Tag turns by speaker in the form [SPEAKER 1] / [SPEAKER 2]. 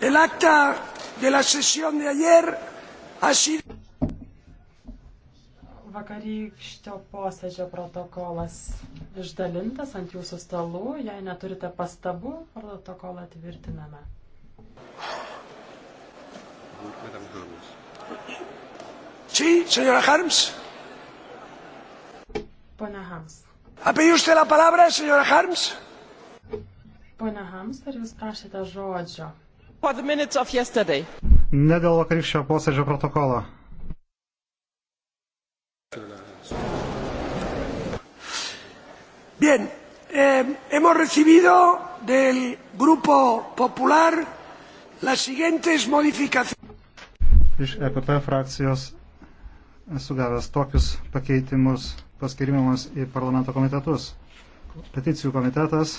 [SPEAKER 1] El acta de la sesión de ayer ha sido.
[SPEAKER 2] Vakarykščio posėdžio protokolas išdalintas ant jūsų stalų. Jei neturite pastabų, protokolą
[SPEAKER 1] tvirtiname. Sí, señora Harms. Pone Harms. ¿Ha pedido usted la palabra, señora Harms?
[SPEAKER 3] Pone Harms, ar jūs prašėte žodžio? Ne
[SPEAKER 4] dėl vakarykščio posėdžio protokolo.
[SPEAKER 1] Bien, eh, hemos recibido del Grupo Popular las siguientes modificaciones.
[SPEAKER 5] Iš EPP frakcijos esu gavęs tokius pakeitimus paskirimimus į parlamento komitetus. Peticijų komitetas